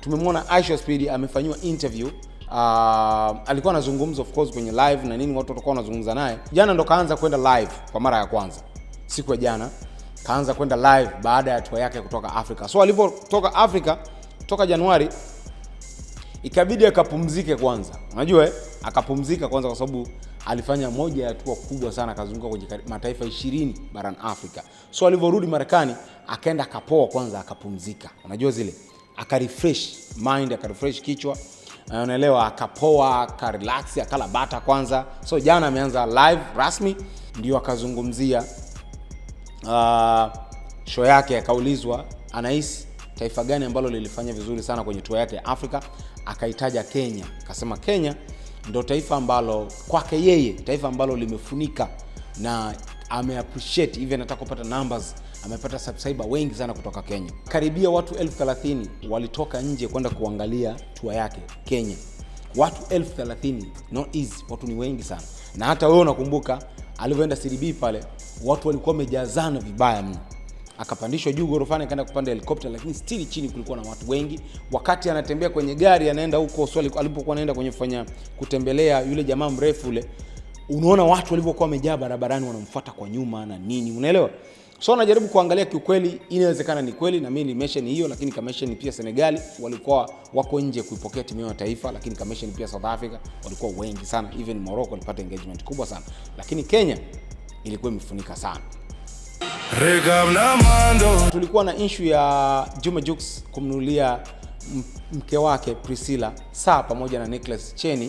Tumemwona Aisha Speed amefanyiwa interview. Uh, alikuwa anazungumza of course kwenye live na nini, watu watakuwa wanazungumza naye. Jana ndo kaanza kwenda live kwa mara ya kwanza, siku ya jana kaanza kwenda live baada ya tour yake kutoka Afrika. So alipotoka Afrika toka Januari ikabidi akapumzike kwanza, unajua eh? Akapumzika kwanza kwa sababu alifanya moja ya hatua kubwa sana, akazunguka kwenye mataifa ishirini barani Afrika. So alivyorudi Marekani akaenda akapoa kwanza, akapumzika, unajua zile, akarefresh mind, akarefresh kichwa, eh, unaelewa, akapoa, akarelax, akala bata kwanza. So jana ameanza live rasmi, ndio akazungumzia uh, show yake, akaulizwa anahisi taifa gani ambalo lilifanya vizuri sana kwenye tour yake ya Afrika, akaitaja Kenya, akasema Kenya ndo taifa ambalo kwake yeye, taifa ambalo limefunika na ameappreciate hivi, anataka kupata numbers. Amepata subscriber wengi sana kutoka Kenya, karibia watu 30 walitoka nje kwenda kuangalia tour yake Kenya. Watu 30 thelathini not easy, watu ni wengi sana. Na hata wewe unakumbuka alivyoenda CDB pale, watu walikuwa wamejazana vibaya mno akapandishwa juu gorofani, akaenda kupanda helikopta, lakini stili chini kulikuwa na watu wengi. Wakati anatembea kwenye gari anaenda huko swali, alipokuwa anaenda kwenye fanya kutembelea yule jamaa mrefu ule, unaona watu walivyokuwa wamejaa barabarani, wanamfuata kwa nyuma na nini, unaelewa? So najaribu kuangalia, kiukweli inawezekana ni kweli, na mi ni ni hiyo, lakini kamesheni pia Senegali walikuwa wako nje kuipokea timu ya taifa, lakini kamesheni pia South Africa walikuwa wengi sana, even Morocco walipata engagement kubwa sana, lakini Kenya ilikuwa imefunika sana. Tulikuwa na issue ya Juma Jux kumnunulia mke wake Priscilla saa pamoja na necklace cheni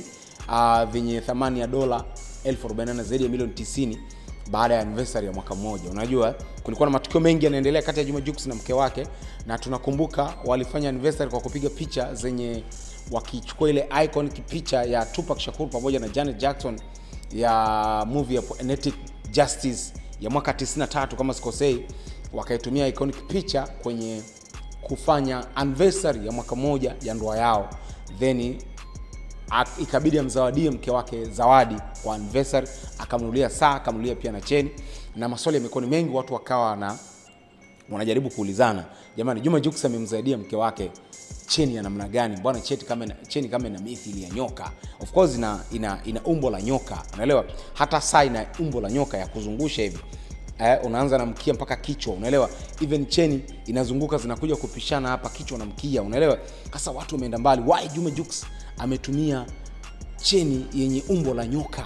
uh, ah, vyenye thamani ya dola elfu arobaini na zaidi ya milioni 90 baada ya anniversary ya mwaka mmoja. Unajua kulikuwa na matukio mengi yanaendelea kati ya Juma Jux na mke wake, na tunakumbuka walifanya anniversary kwa kupiga picha zenye wakichukua ile iconic picha ya Tupac Shakur pamoja na Janet Jackson ya movie ya Poetic Justice ya mwaka 93 kama sikosei, wakaitumia iconic picha kwenye kufanya anniversary ya mwaka mmoja ya ndoa yao, then ikabidi amzawadie mke wake zawadi kwa anniversary, akamnulia saa, akamnulia pia na cheni, na maswali yamekuwa ni mengi, watu wakawa na wanajaribu kuulizana, jamani, Juma Jux amemzaidia mke wake cheni ya namna gani bwana, kama cheni kama ina mithili ya nyoka, of course ina, ina, ina umbo la nyoka, unaelewa. Hata saa ina umbo la nyoka ya kuzungusha hivi eh, unaanza na mkia mpaka kichwa, unaelewa. Even cheni inazunguka zinakuja kupishana hapa kichwa na mkia, unaelewa. Sasa watu wameenda mbali. Why Juma Jux ametumia cheni yenye umbo la nyoka?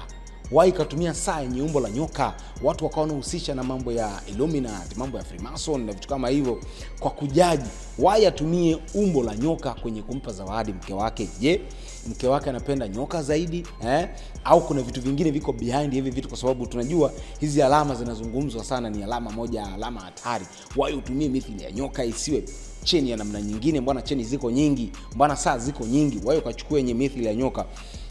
wao ikatumia saa yenye umbo la nyoka, watu wakawa wanahusisha na mambo ya Illuminati, mambo ya Freemason na vitu kama hivyo, kwa kujaji wao atumie umbo la nyoka kwenye kumpa zawadi mke wake. Je, mke wake anapenda nyoka zaidi eh? Au kuna vitu vingine viko behind hivi vitu? Kwa sababu tunajua hizi alama zinazungumzwa sana, ni alama moja alama hatari. Wao utumie mithili ya nyoka, isiwe cheni ya namna nyingine. Mbwana cheni ziko nyingi, mbwana saa ziko nyingi, wao ukachukua yenye mithili ya nyoka.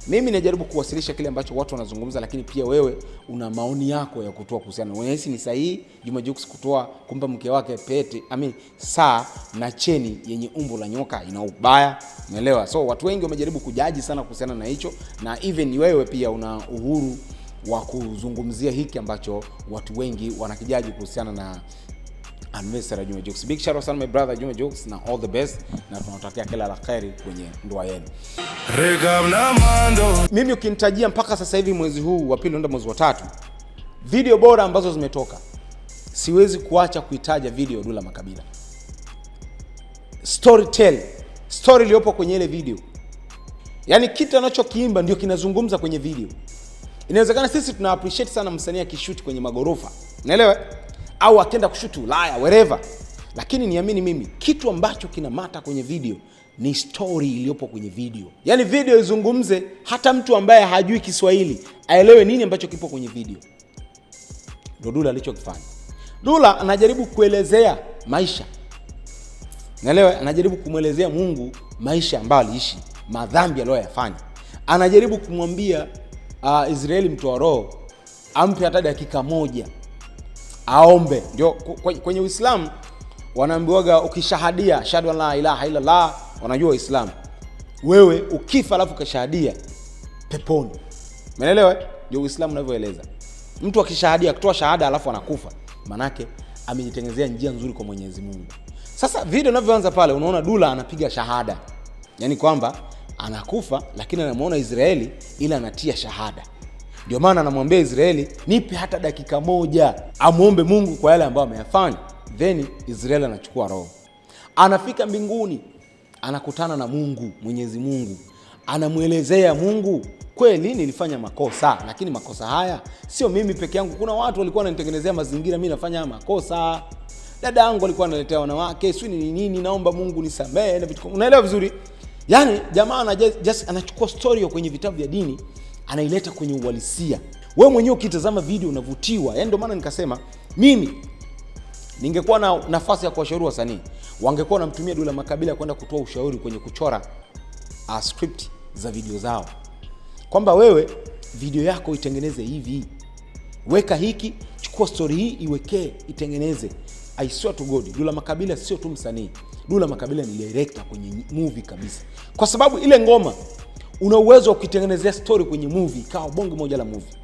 Mimi najaribu kuwasilisha kile ambacho watu wanazungumza, lakini pia wewe una maoni yako ya kutoa kuhusiana. Unahisi ni sahihi Juma Jux kutoa kumpa mke wake pete, I mean, saa na cheni yenye umbo la nyoka? Ina ubaya, umeelewa? So watu wengi wamejaribu kujaji sana kuhusiana na hicho, na even wewe pia una uhuru wa kuzungumzia hiki ambacho watu wengi wanakijaji kuhusiana na anniversary Juma Jux. Big shout out sana my brother Juma Jux na all the best na tunawatakia kila la kheri kwenye ndoa yenu. Mimi ukinitajia mpaka sasa hivi mwezi huu wa pili mwezi wa tatu, video bora ambazo zimetoka, siwezi kuacha kuitaja video Dula Makabila. Story tell, story iliyopo kwenye ile video, yaani kitu anachokiimba ndio kinazungumza kwenye video. Inawezekana sisi tuna appreciate sana msanii akishoot kwenye magorofa, naelewa au akienda kushuti Ulaya wereva. Lakini niamini mimi, kitu ambacho kinamata kwenye video ni story iliyopo kwenye video. Yaani video izungumze, hata mtu ambaye hajui Kiswahili aelewe nini ambacho kipo kwenye video. Ndo Dula alichokifanya. Dula anajaribu kuelezea maisha, naelewa, anajaribu kumwelezea Mungu maisha ambayo aliishi, madhambi aliyoyafanya. Anajaribu kumwambia uh, Israeli mtoa roho ampe hata dakika moja aombe. Ndio kwenye Uislamu wanaambiwaga ukishahadia shahada la ilaha ila la wanajua Waislamu wewe ukifa alafu ukashahadia peponi. Umeelewa? Eh? Ndio Uislamu unavyoeleza. Mtu akishahadia kutoa shahada alafu anakufa, manake amejitengenezea njia nzuri kwa Mwenyezi Mungu. Sasa video inavyoanza pale, unaona Dula anapiga shahada, yaani kwamba anakufa, lakini anamwona Israeli ila anatia shahada. Ndio maana anamwambia Israeli, nipe hata dakika moja amwombe Mungu kwa yale ambayo ameyafanya. Then Israeli anachukua roho, anafika mbinguni, anakutana na Mungu, Mwenyezi Mungu anamwelezea Mungu, kweli nilifanya makosa, lakini makosa haya sio mimi peke yangu. Kuna watu walikuwa wananitengenezea mazingira mimi nafanya makosa, dada yangu alikuwa analetea wanawake, sio ni nini, naomba Mungu nisamehe na vitu, unaelewa vizuri. Yani jamaa anachukua story kwenye vitabu vya dini anaileta kwenye uhalisia. Wewe mwenyewe ukitazama video unavutiwa, yaani ndio maana nikasema mimi ningekuwa na nafasi ya kuwashauri wasanii, wangekuwa wanamtumia dula Makabila kwenda kutoa ushauri kwenye kuchora uh, script za video zao, kwamba wewe video yako itengeneze hivi, weka hiki, chukua story hii, iwekee, itengeneze. I swear to God, Dulla Makabila sio tu msanii. dula Makabila ni director kwenye movie kabisa, kwa sababu ile ngoma una uwezo wa kuitengenezea story kwenye movie ikawa bonge moja la movie.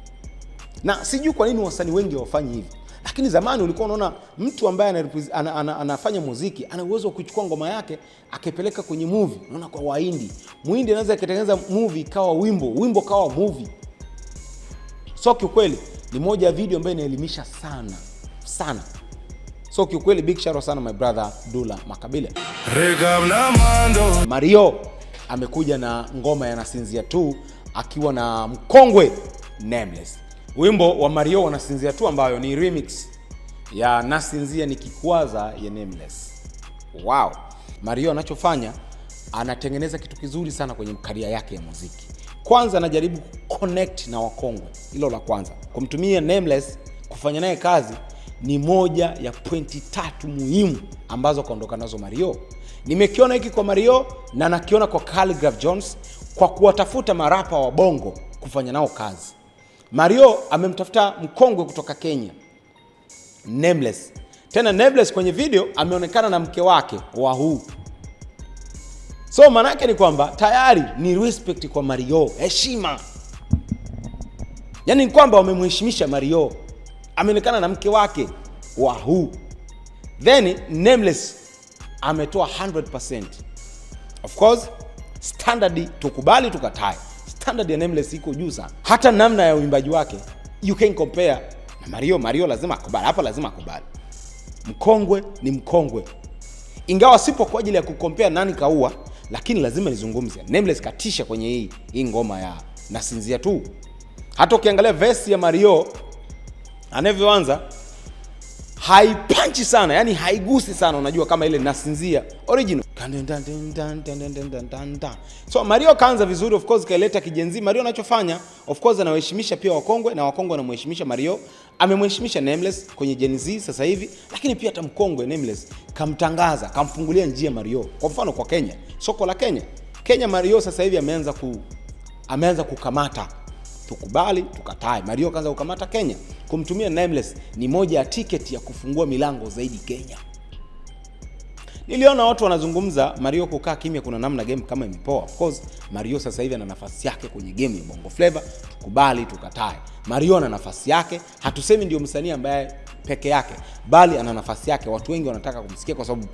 Na sijui kwa nini wasanii wengi hawafanyi hivi, lakini zamani ulikuwa unaona mtu ambaye anafanya ana, ana, ana, ana muziki ana uwezo wa kuchukua ngoma yake akipeleka kwenye movie. Unaona kwa Wahindi, Muhindi anaweza akatengeneza movie ikawa wimbo, wimbo kawa movie. So kiukweli ni moja ya video ambayo inaelimisha sana sana. So kiukweli big shout out sana my brother Dula Makabile Mario amekuja na ngoma ya nasinzia tu akiwa na mkongwe Nameless, wimbo wa Mario wanasinzia tu ambayo ni remix ya nasinzia ni kikwaza ya Nameless. Wow, Mario anachofanya anatengeneza kitu kizuri sana kwenye karia yake ya muziki. Kwanza anajaribu connect na wakongwe, hilo la kwanza. Kumtumia Nameless kufanya naye kazi ni moja ya pointi tatu muhimu ambazo akaondoka nazo Mario. Nimekiona hiki kwa Mario na nakiona kwa Graf Jones kwa kuwatafuta marapa wa Bongo kufanya nao kazi. Mario amemtafuta mkongwe kutoka Kenya Nameless. Tena Nameless kwenye video ameonekana na mke wake wa huu. So maanake ni kwamba tayari ni respect kwa Mario, heshima. Yaani ni kwamba wamemheshimisha Mario, ameonekana na mke wake wa huu. Then Nameless ametoa 100%. Of course standard, tukubali tukatae, standard ya Nameless iko juu sana. Hata namna ya uimbaji wake you can compare na Mario. Mario lazima akubali hapa, lazima akubali. Mkongwe ni mkongwe, ingawa sipo kwa ajili ya kukompea nani kaua, lakini lazima nizungumze. Nameless katisha kwenye hii hii ngoma ya nasinzia tu. Hata ukiangalia verse ya Mario anavyoanza haipanchi sana, yani haigusi sana, unajua kama ile nasinzia original. So Mario kaanza vizuri, of course kaileta kijenzi. Mario anachofanya of course anaheshimisha pia wakongwe na wakongwe anamheshimisha Mario. Amemheshimisha Nameless kwenye Gen Z sasa hivi, lakini pia hata mkongwe Nameless kamtangaza, kamfungulia njia Mario. Kwa mfano kwa Kenya, soko la Kenya, Kenya Mario sasa hivi ameanza ku ameanza kukamata tukubali tukatae. Mario kaanza kukamata Kenya, kumtumia Nameless ni moja ya tiketi ya kufungua milango zaidi Kenya. Niliona watu wanazungumza Mario kukaa kimya, kuna namna game kama imepoa. Of course Mario sasa hivi ana nafasi yake kwenye game ya Bongo Flava, tukubali tukatae. Mario ana nafasi yake, hatusemi ndio msanii ambaye peke yake, bali ana nafasi yake. Watu wengi wanataka kumsikia kwa sababu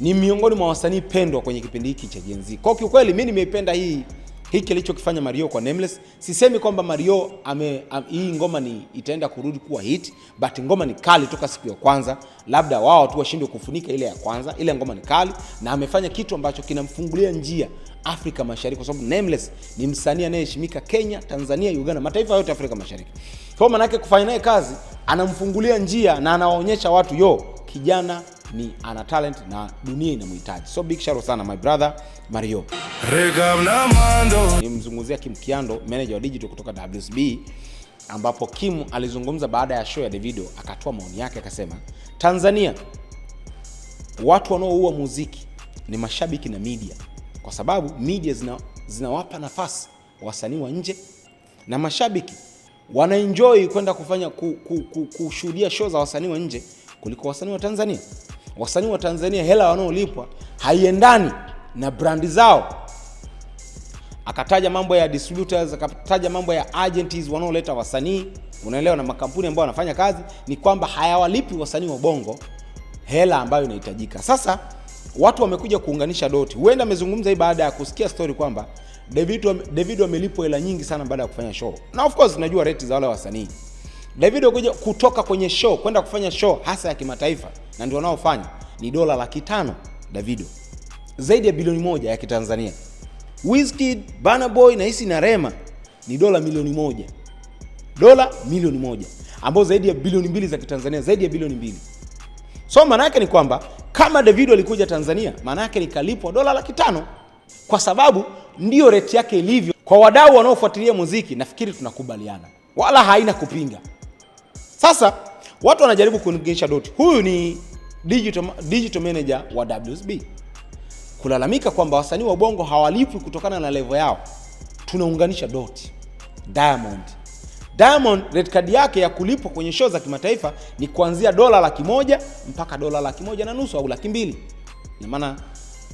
ni miongoni mwa wasanii pendwa kwenye kipindi hiki cha Gen Z. Kwa kiukweli mimi nimeipenda hii hiki alichokifanya Mario kwa Nameless, sisemi kwamba Mario ame, am, hii ngoma ni itaenda kurudi kuwa hit, but ngoma ni kali toka siku ya kwanza, labda wao tu washindwe kufunika ile ya kwanza. Ile ngoma ni kali na amefanya kitu ambacho kinamfungulia njia Afrika Mashariki, kwa sababu Nameless ni msanii anayeheshimika Kenya, Tanzania, Uganda, mataifa yote Afrika Mashariki. Kwa maana yake kufanya naye kazi anamfungulia njia na anawaonyesha watu yo kijana ni ana talent na dunia inamhitaji. So big shout sana my brother Mario. Nimzungumzia Kim Kiando, manager wa digital kutoka WCB ambapo Kim alizungumza baada ya show ya Davido akatoa maoni yake akasema, Tanzania watu wanaoua muziki ni mashabiki na media, kwa sababu media zina, zinawapa nafasi wasanii wa nje na mashabiki wanaenjoi kwenda kufanya kushuhudia show za wasanii wa nje kuliko wasanii wa Tanzania wasanii wa Tanzania hela wanaolipwa haiendani na brandi zao. Akataja mambo ya distributors, akataja mambo ya agencies wanaoleta wasanii, unaelewa, na makampuni ambayo wanafanya kazi, ni kwamba hayawalipi wasanii wa bongo hela ambayo inahitajika. Sasa watu wamekuja kuunganisha doti, huenda amezungumza hii baada ya kusikia story kwamba Davido amelipwa hela nyingi sana baada ya kufanya show, na of course tunajua rate za wale wasanii Davido kuja kutoka kwenye show kwenda kufanya show hasa ya kimataifa na ndio wanaofanya ni dola laki tano Davido, zaidi ya bilioni moja ya Kitanzania. Wizkid, Burna Boy na hisi na Rema ni dola milioni moja, dola milioni moja ambao zaidi ya bilioni mbili za Kitanzania, zaidi ya bilioni mbili. So maana yake ni kwamba kama Davido alikuja Tanzania, maana yake nikalipwa dola laki tano kwa sababu ndiyo reti yake ilivyo. Kwa wadau wanaofuatilia muziki, nafikiri tunakubaliana, wala haina kupinga. Sasa watu wanajaribu kuunganisha doti. Huyu ni digital, digital manager wa WSB kulalamika kwamba wasanii wa bongo hawalipwi kutokana na level yao. Tunaunganisha doti. Diamond Diamond red card yake ya kulipwa kwenye show za kimataifa ni kuanzia dola laki moja mpaka dola laki moja na nusu au laki mbili na maana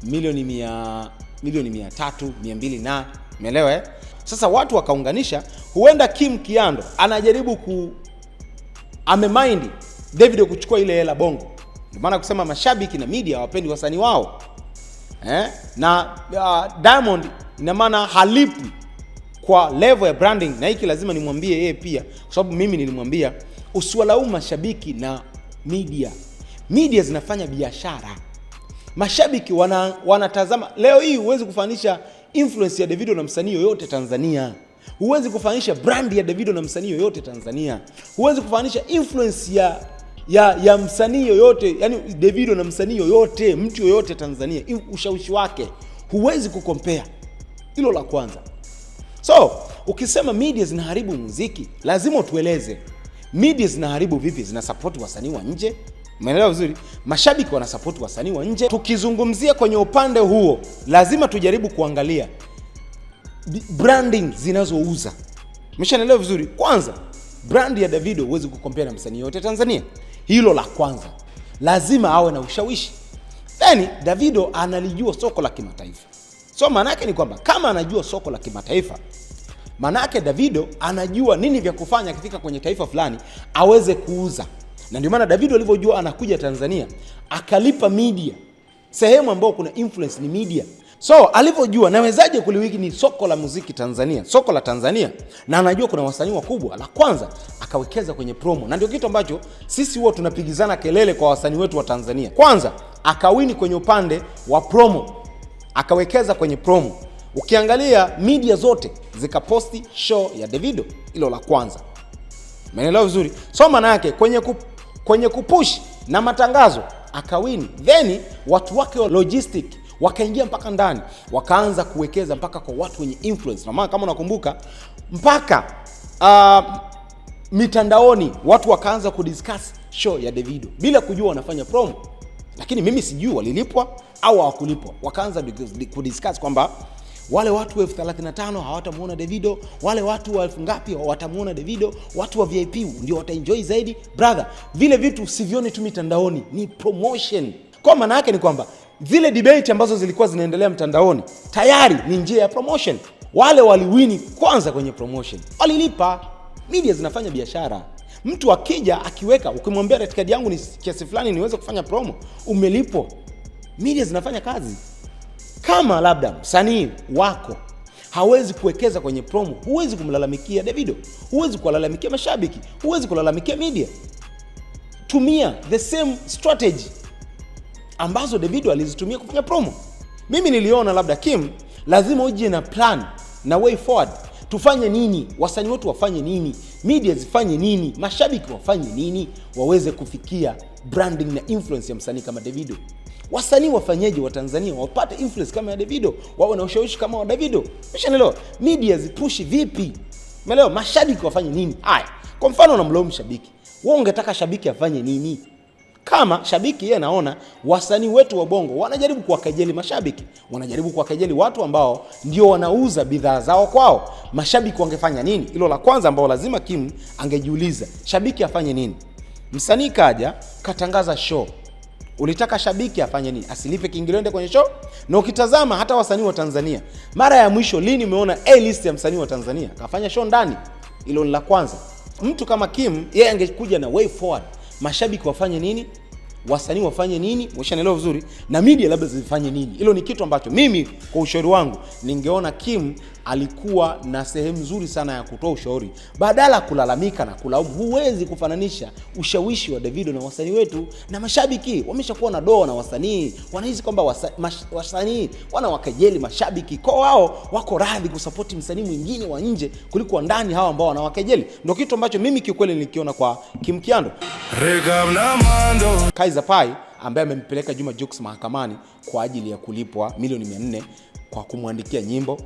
milioni mia milioni mia tatu mia mbili na umeelewa eh? Sasa watu wakaunganisha, huenda Kim Kiando anajaribu ku amemind Davido kuchukua ile hela Bongo. Ndio maana kusema mashabiki na media hawapendi wasanii wao eh? na uh, Diamond ina maana halipi kwa level ya branding, na hiki lazima nimwambie yeye pia, kwa sababu mimi nilimwambia usiwalaumu mashabiki na media. Media zinafanya biashara, mashabiki wanatazama. Wana leo hii huwezi kufanisha influence ya Davido na msanii yoyote Tanzania. Huwezi kufanisha brandi ya Davido na msanii yoyote Tanzania. Huwezi kufanisha influence ya ya, ya msanii yoyote yani Davido na msanii yoyote mtu yoyote Tanzania, ushawishi wake huwezi kukompea. Hilo la kwanza. So ukisema media zinaharibu muziki, lazima utueleze media zinaharibu vipi? zina support wasanii wa nje, umeelewa vizuri? Mashabiki wanasapoti wasanii wa nje. Tukizungumzia kwenye upande huo, lazima tujaribu kuangalia branding zinazouza. Umeshaelewa vizuri? Kwanza brand ya Davido huwezi kukompea na msanii yote Tanzania. Hilo la kwanza, lazima awe na ushawishi. Then Davido analijua soko la kimataifa, so maana yake ni kwamba kama anajua soko la kimataifa, maana yake Davido anajua nini vya kufanya akifika kwenye taifa fulani aweze kuuza, na ndio maana Davido alivyojua anakuja Tanzania akalipa media sehemu ambayo kuna influence ni media. So alivyojua nawezaje kuliwiki ni soko la muziki Tanzania, soko la Tanzania, na anajua kuna wasanii wakubwa. La kwanza akawekeza kwenye promo, na ndio kitu ambacho sisi huwa tunapigizana kelele kwa wasanii wetu wa Tanzania. Kwanza akawini kwenye upande wa promo, akawekeza kwenye promo. Ukiangalia media zote zikaposti show ya Davido, hilo la kwanza. Umeelewa vizuri? So maana yake kwenye, ku, kwenye kupush na matangazo akawini, then watu wake wa logistic wakaingia mpaka ndani, wakaanza kuwekeza mpaka kwa watu wenye influence. Na maana kama unakumbuka mpaka uh, mitandaoni watu wakaanza kudiscuss show ya Davido bila kujua wanafanya promo, lakini mimi sijui walilipwa au hawakulipwa, wakaanza kudiscuss kwamba wale watu elfu 35 hawatamuona Davido, wale watu wa elfu ngapi watamuona Davido, watu wa VIP ndio wataenjoy zaidi. Brother, vile vitu sivioni tu mitandaoni, ni promotion. Kwa maana yake ni kwamba zile debate ambazo zilikuwa zinaendelea mtandaoni tayari ni njia ya promotion. Wale waliwini kwanza kwenye promotion, walilipa. Media zinafanya biashara. Mtu akija akiweka, ukimwambia rate card yangu ni kiasi fulani niweze kufanya promo, umelipo. Media zinafanya kazi. Kama labda msanii wako hawezi kuwekeza kwenye promo, huwezi kumlalamikia Davido, huwezi kuwalalamikia mashabiki, huwezi kulalamikia media. Tumia the same strategy ambazo Davido alizitumia kufanya promo. Mimi niliona labda Kim, lazima uje na plan na way forward. Tufanye nini? Wasanii wetu wafanye nini? Media zifanye nini? Mashabiki wafanye nini waweze kufikia branding na influence ya msanii kama Davido? wasanii wafanyeje wa Tanzania wapate influence kama ya Davido, wawe na ushawishi kama wa Davido. Umeshaelewa? Media zipushi vipi? Umeelewa? Mashabiki wafanye nini? Haya, kwa mfano unamlaumu shabiki, wewe ungetaka shabiki afanye nini? Kama shabiki yeye anaona wasanii wetu wa Bongo wanajaribu kuwakejeli mashabiki, wanajaribu kuwakejeli watu ambao ndio wanauza bidhaa zao kwao, mashabiki wangefanya nini? Hilo la kwanza ambao lazima Kim angejiuliza, shabiki afanye nini? Msanii kaja katangaza show Ulitaka shabiki afanye nini? Asilipe kiingilio ende kwenye show? Na ukitazama hata wasanii wa Tanzania, mara ya mwisho lini umeona A list ya msanii wa Tanzania kafanya show ndani? ilo ni la kwanza. Mtu kama Kim yeye angekuja na way forward, mashabiki wafanye nini, wasanii wafanye nini, washanielewa vizuri, na media labda zifanye nini. Hilo ni kitu ambacho mimi kwa ushauri wangu ningeona Kim alikuwa na sehemu nzuri sana ya kutoa ushauri badala ya kulalamika na kulaumu. Huwezi kufananisha ushawishi wa Davido na wasanii wetu, na mashabiki wameshakuwa na doa na wasanii, wanahisi kwamba wasanii wana wakejeli mashabiki kwa wao, wako radhi kusapoti msanii mwingine wa nje kuliko wa ndani, hawa ambao wanawakejeli. Ndio kitu ambacho mimi kiukweli nilikiona kwa Kimkiando Kaiza Pai ambaye amempeleka Juma Jux mahakamani kwa ajili ya kulipwa milioni 400 kwa kumwandikia nyimbo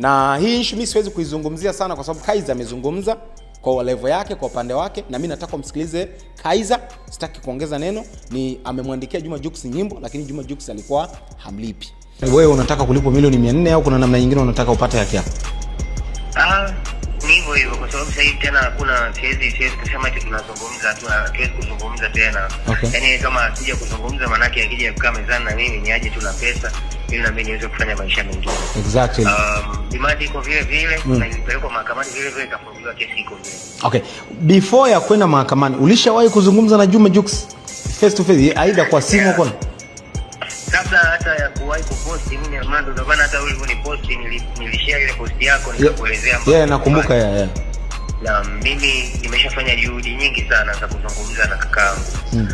na hii issue mimi siwezi kuizungumzia sana, kwa sababu Kaiza amezungumza kwa level yake, kwa upande wake, na mimi nataka kumsikilize Kaiza, sitaki kuongeza neno. Ni amemwandikia Juma Jux nyimbo, lakini Juma Jux alikuwa hamlipi. Wewe unataka kulipwa milioni 400 au kuna namna nyingine unataka upate haki yako? Ah, ni hivyo hivyo, kwa sababu sasa hivi tena hakuna, kesi, siwezi kusema ati tunazungumza tu, kesi kuzungumza tena. Okay. Yaani kama sija kuzungumza, maana yake akija kukaa mezani na mimi niaje tu na pesa ili nami niweze kufanya maisha mengine. Exactly. Um, demand iko vile vile mm. na nipeleko mahakamani vile vile ikafunguliwa kesi iko vile. Okay. Before ya kwenda mahakamani, ulishawahi kuzungumza na Juma Jux face to face aidha kwa simu yeah. kwa kabla hata ya kuwahi kuposti mimi Armando, ndio maana hata wewe ulivyoniposti nilishare ile post yako nikuelezea. Yeah, nakumbuka yeah, yeah na mimi nimeshafanya juhudi nyingi sana za kuzungumza na kakaangu mm.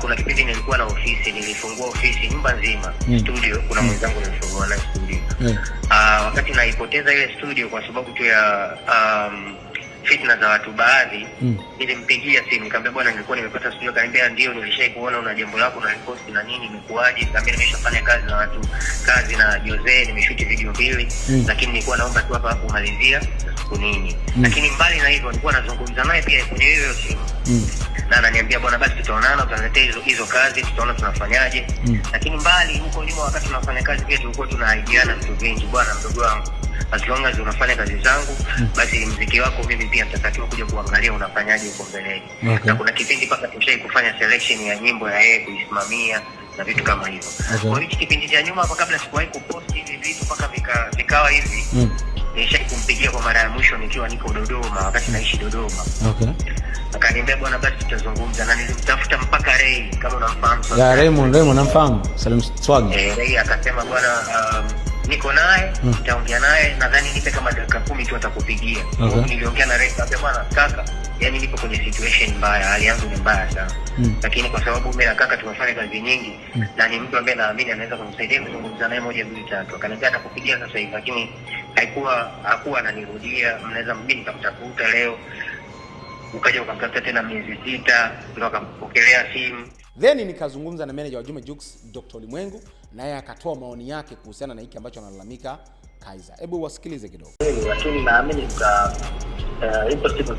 kuna kipindi nilikuwa na ofisi nilifungua ofisi nyumba nzima mm. studio kuna hmm. mwenzangu mm. nilifungua na studio mm. Aa, ah, wakati naipoteza ile studio kwa sababu tu ya um, fitna za watu baadhi mm. Nilimpigia simu nikamwambia, bwana, nilikuwa nimepata studio. Akaniambia ndio, nilishai kuona una jambo lako na repost na nini, imekuaje? Nikamwambia nimeshafanya kazi na watu kazi na Jose, nimeshuti video mbili mm. Lakini nilikuwa naomba tu hapa hapo kumalizia siku nini mm. Lakini mbali na hivyo, nilikuwa nazungumza naye pia kwenye hiyo simu mm. na ananiambia, bwana, basi tutaonana, utaniletea hizo hizo kazi, tutaona tunafanyaje mm. Lakini mbali huko nyuma, wakati tunafanya kazi pia tulikuwa tunaaidiana vitu vingi, bwana mdogo wangu as long as unafanya kazi zangu mm. basi mziki wako mimi pia nitatakiwa kuja kuangalia unafanyaje huko mbeleni okay. na kuna kipindi mpaka tushai kufanya selection ya nyimbo ya yeye kuisimamia na vitu kama hivyo okay. kwa hichi kipindi cha nyuma hapa kabla sikuwahi kupost hivi vitu mpaka vika, vikawa hivi mm. nishai kumpigia kwa mara ya mwisho nikiwa niko Dodoma wakati naishi Dodoma okay akaniambia bwana, basi tutazungumza, na nilimtafuta mpaka Rei, kama unamfahamu ya Raymond. Raymond namfahamu, Salim Swagi. Eh, Rei akasema bwana um, niko naye ah. nitaongea naye, nadhani nipe kama dakika kumi tu atakupigia. Niliongea na Resta bwana, kaka, yani nipo kwenye situation mbaya, hali yangu ni mbaya sana mm. Lakini kwa sababu mimi na kaka tumefanya kazi nyingi mm. na ni mtu ambaye naamini anaweza kumsaidia kuzungumza naye moja mbili tatu, akanambia atakupigia sasa hivi, lakini haikuwa hakuwa ananirudia, mnaweza mjini nikamtafuta leo, ukaja ukamtafuta tena miezi sita, ndo akampokelea simu Then nikazungumza na manager wa Juma Jux Dr. Ulimwengu naye akatoa maoni yake kuhusiana na hiki ambacho analalamika Kaiza. Hebu wasikilize kidogo. Lakini naamini Uh, siku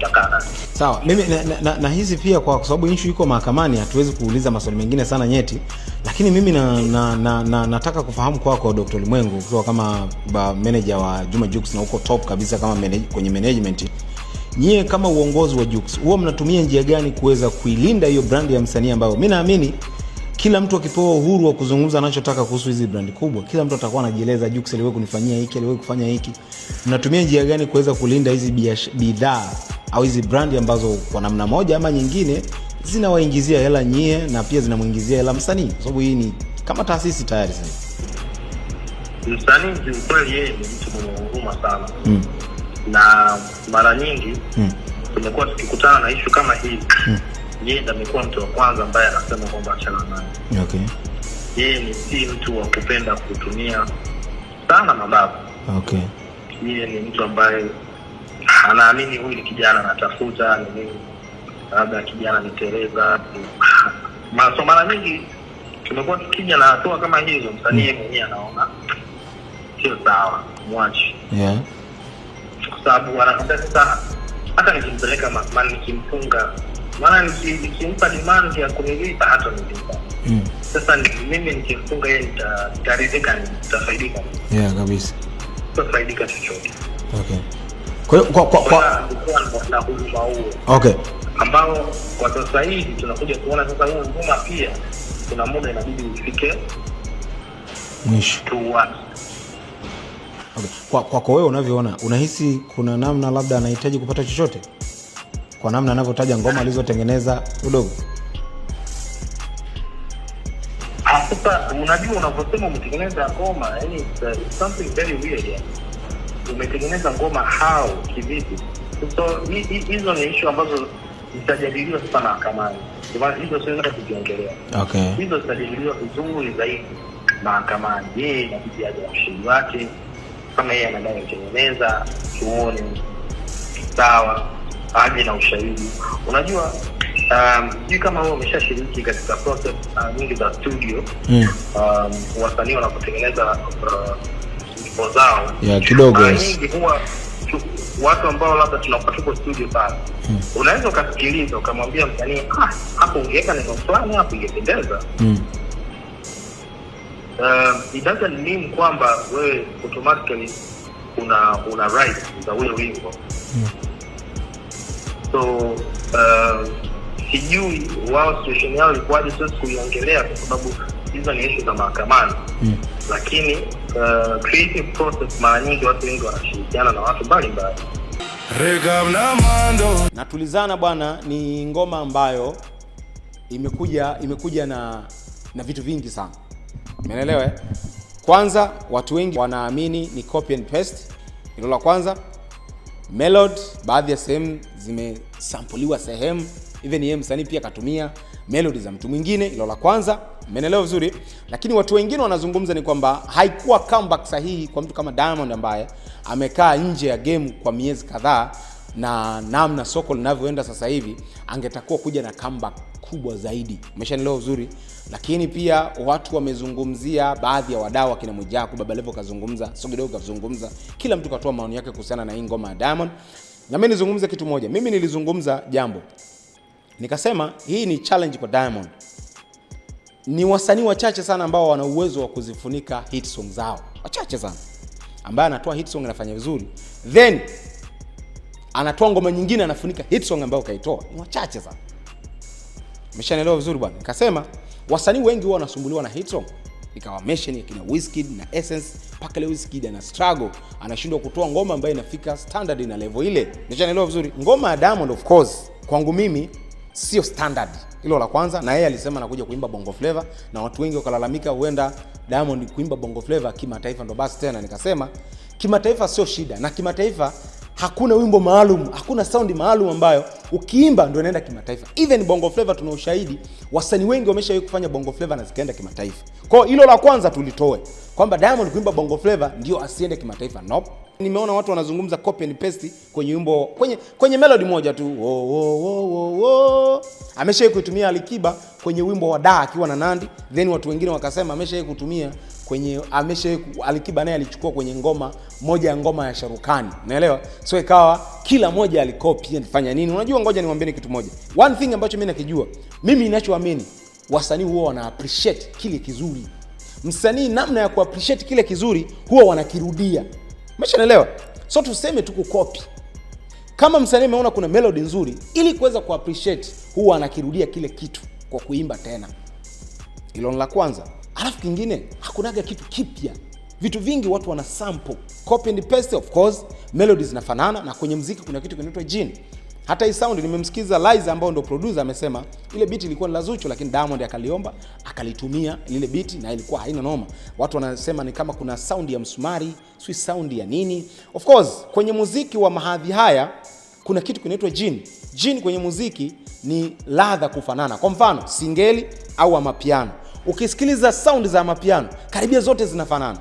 Sawa, mimi na, na, na, na hizi pia kwa sababu issue iko mahakamani hatuwezi kuuliza maswali mengine sana nyeti. Lakini mimi na, na, na, na nataka kufahamu kwako kwa Dr. Limwengu ukiwa kama manager wa Juma Jux na uko top kabisa kama manage, kwenye management nyie kama uongozi wa Jux huwa mnatumia njia gani kuweza kuilinda hiyo brandi ya msanii ambayo mi naamini kila mtu akipewa uhuru wa kuzungumza anachotaka kuhusu hizi brandi kubwa, kila mtu atakuwa anajieleza, Jux aliwahi kunifanyia hiki, aliwahi kufanya hiki. Mnatumia njia gani kuweza kulinda hizi bidhaa au hizi brandi ambazo kwa namna moja ama nyingine zinawaingizia hela nyie na pia zinamwingizia hela msanii, kwa sababu hii ni kama taasisi tayari. Sasa msanii kiukweli, yeye ni mtu mwenye huruma sana mm na mara nyingi mm. tumekuwa tukikutana na ishu kama hii mm. yeye ndo amekuwa mtu wa kwanza ambaye anasema kwamba achana naye okay. yeye ni si mtu wa kupenda kutumia sana mabavu okay. yeye ni mtu ambaye anaamini huyu ni kijana anatafuta nini labda kijana nitereza maso mara nyingi tumekuwa tukija na hatua kama hizo msanii mm. mwenyewe anaona sio sawa mwachi yeah sababu anaambia sasa, hata nikimpeleka Macman nikimfunga, maana nikimpa demand ya kunilipa hata nilipa mm. Sasa mimi nikimfunga yeye nitaridhika, nitafaidika yeah, kabisa, tafaidika chochote okay. Kwa okay, ambao kwa sasa hivi tunakuja kuona sasa huu huduma pia kuna muda inabidi ufike mwisho okay. Kwa, kwako wewe unavyoona unahisi kuna namna labda anahitaji kupata chochote kwa namna anavyotaja ngoma alizotengeneza udogo sasa unajua unavyosema umetengeneza ngoma yani uh, something very weird yani umetengeneza ngoma hao kivipi so hizo ni ishu ambazo zitajadiliwa sasa mahakamani hizo siweza kuziongelea okay hizo zitajadiliwa vizuri zaidi mahakamani yeye inabidi aja ushindi wake kama yeye anadai kutengeneza tuone sawa, aje na ushahidi. Unajua um, sijui um, kama wewe umeshashiriki katika process uh, nyingi za studio mm. um, wasanii wanapotengeneza uh, nyimbo zao yeah, kidogo uh, nyingi huwa watu ambao labda tunakuwa tuko studio pale mm. unaweza ukasikiliza ukamwambia msanii ah, hapo ungeweka neno fulani hapo ingependeza mm uh, it doesn't mean kwamba wewe automatically una una right za ule wimbo mm. so uh, sijui wao situation yao ilikuwaje, siwezi kuiongelea kwa sababu hizo ni ishu za mahakamani mm. lakini uh, creative process mara nyingi watu wengi wanashirikiana na watu mbalimbali Natulizana bwana ni ngoma ambayo imekuja imekuja na na vitu vingi sana Umeelewa eh? Kwanza watu wengi wanaamini ni copy and paste, hilo la kwanza. Melod baadhi ya sehemu zimesampuliwa sehemu, even yeye msanii pia akatumia melody za mtu mwingine, hilo la kwanza. Umeelewa vizuri? Lakini watu wengine wanazungumza ni kwamba haikuwa comeback sahihi kwa mtu kama Diamond ambaye amekaa nje ya game kwa miezi kadhaa na namna soko linavyoenda sasa hivi angetakiwa kuja na comeback kubwa zaidi. Umeshanielewa vizuri, lakini pia watu wamezungumzia baadhi ya wadau akina Mwijaku, Baba Levo kazungumza, Sogedogo kazungumza, kila mtu katoa maoni yake kuhusiana na hii ngoma ya Diamond. Na mimi nizungumze kitu moja, mimi nilizungumza jambo nikasema hii ni challenge kwa Diamond. Ni wasanii wachache sana ambao wana uwezo wa kuzifunika hit song zao, wachache sana, ambaye anatoa hit song anafanya vizuri then anatoa ngoma nyingine anafunika hit song ambayo kaitoa, ni wachache sana. Umeshanielewa vizuri bwana. Nikasema wasanii wengi huwa wanasumbuliwa na hitrom, ikawa mention ya kina Wizkid na Essence. Mpaka leo Wizkid ana struggle, anashindwa kutoa ngoma ambayo inafika standard na level ile. Umeshanielewa vizuri. Ngoma ya Diamond of course kwangu mimi sio standard, hilo la kwanza. Na yeye alisema anakuja kuimba bongo flava, na watu wengi wakalalamika, huenda Diamond kuimba bongo flava kimataifa ndo basi tena. Nikasema kimataifa sio shida, na kimataifa hakuna wimbo maalum, hakuna saundi maalum ambayo ukiimba ndo inaenda kimataifa. Even bongo flava, tuna ushahidi, wasanii wengi wameshawahi kufanya bongo flava na zikaenda kimataifa. Kwa hiyo hilo la kwanza tulitoe, kwamba Diamond kuimba bongo flava ndio asiende kimataifa. Nope. Nimeona watu wanazungumza copy and paste kwenye wimbo kwenye, kwenye melody moja tu oh, oh, oh, oh, oh. Ameshawahi kuitumia Alikiba kwenye wimbo wa Da akiwa na Nandi, then watu wengine wakasema ameshawahi kutumia kwenye amesha Alikiba naye alichukua kwenye ngoma moja ya ngoma ya Sharukani, unaelewa? So ikawa kila moja alikopi alifanya nini. Unajua, ngoja niwaambie kitu moja, one thing ambacho mimi nakijua, mimi ninachoamini wasanii huwa wana appreciate kile kizuri. Msanii namna ya ku appreciate kile kizuri huwa wanakirudia, umeshaelewa? So tuseme tu kukopi kama msanii ameona kuna melody nzuri, ili kuweza ku appreciate huwa anakirudia kile kitu kwa kuimba tena. Hilo ni la kwanza. Alafu kingine hakunaga kitu kipya, vitu vingi watu wana sample copy and paste. Of course melodies zinafanana, na kwenye mziki kuna kitu kinaitwa gene. Hata hii sound nimemsikiza Liza ambao ndo producer amesema ile beat ilikuwa ni Lazuchu, lakini Diamond akaliomba akalitumia lile beat na ilikuwa haina noma. Watu wanasema ni kama kuna sound ya msumari, si sound ya nini. Of course kwenye muziki wa mahadhi haya kuna kitu kinaitwa gene. Gene kwenye muziki ni ladha kufanana, kwa mfano singeli au amapiano Ukisikiliza saundi za mapiano karibia zote zinafanana.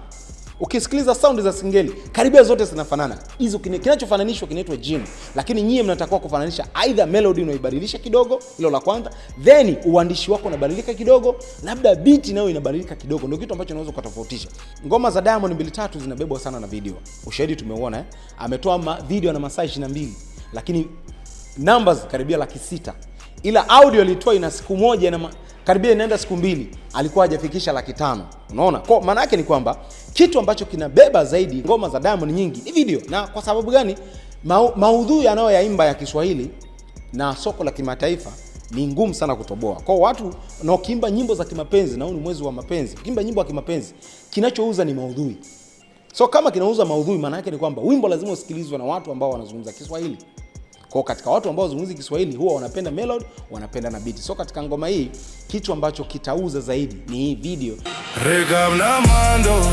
Ukisikiliza saundi za singeli karibia zote zinafanana. Hizo kinachofananishwa kinaitwa jina, lakini nyie mnatakiwa kufananisha aidha melody unaibadilisha kidogo, hilo la kwanza, then uandishi wako unabadilika kidogo, labda biti nayo inabadilika kidogo. Ndio kitu ambacho unaweza ukatofautisha. Ngoma za Diamond mbili tatu zinabebwa sana na video, ushahidi tumeuona eh. Ametoa ma- video na masaa mbili lakini numbers karibia laki sita, ila audio alitoa ina siku moja na ma- karibia inaenda siku mbili, alikuwa hajafikisha laki tano. Unaona, kwa maana yake ni kwamba kitu ambacho kinabeba zaidi ngoma za Diamond nyingi ni video. Na kwa sababu gani? Maudhui anayoyaimba ya Kiswahili na soko la kimataifa ni ngumu sana kutoboa kwa watu, na ukiimba nyimbo za kimapenzi, na huu ni mwezi wa mapenzi, ukiimba nyimbo ya kimapenzi, kinachouza ni maudhui. So kama kinauza maudhui, maana yake ni kwamba wimbo lazima usikilizwe na watu ambao wanazungumza Kiswahili kwao. katika watu ambao wazungumzi Kiswahili huwa wanapenda melody, wanapenda na beat. So katika ngoma hii kitu ambacho kitauza zaidi ni hii video.